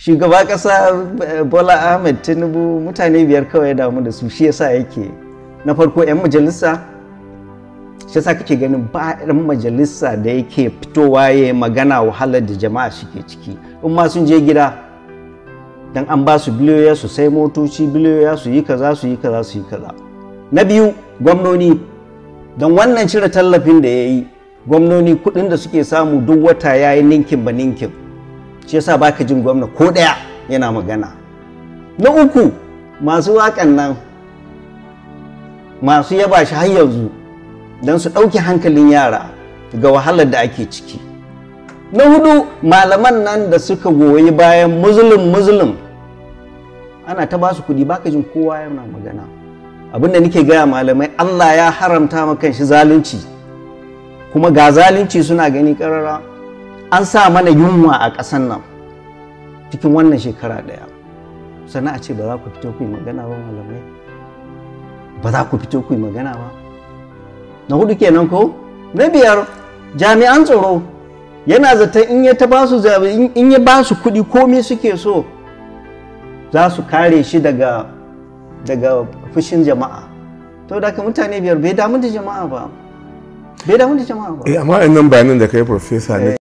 shugaba kasa eh, bola ahmed tinubu mutane biyar kawai ya damu da su shi yasa yake na farko 'yan majalisa shi sa kake ganin ba 'yan majalisa da yake fitowa ya magana wahalar da jama'a ke ciki in ma sun je gida don an ba su biliyoyi su sai motoci biliyoyi su yi kaza su yi kaza su yi kaza na biyu gwamnoni don wannan cire tallafin da ya yi gwamnoni kuɗin da suke samu duk wata ya yi ninkin ba ninkin shi yasa baka jin gwamna ko ɗaya yana magana na uku masu waƙan nan masu yaba shi har yanzu don su ɗauki hankalin yara ga wahalar da ake ciki na hudu malaman nan da suka goyi bayan muslim muslim ana ta basu kuɗi baka jin kowa yana magana abinda nake gaya malamai Allah ya haramta maka shi zalunci kuma ga zalunci suna gani ƙarara an sa mana yunwa a ƙasan nan cikin wannan shekara ɗaya sannan a ce ba za ku fito ku yi magana ba malamai ba za ku fito ku yi magana ba na hudu kenan ko na biyar jami'an tsaro yana zaton in ya ba su in ya ba su kuɗi komai suke so za su kare shi daga daga fushin jama'a to da ka mutane biyar bai damu da jama'a ba bai damu da jama'a ba eh amma nan bayanan da kai professor ne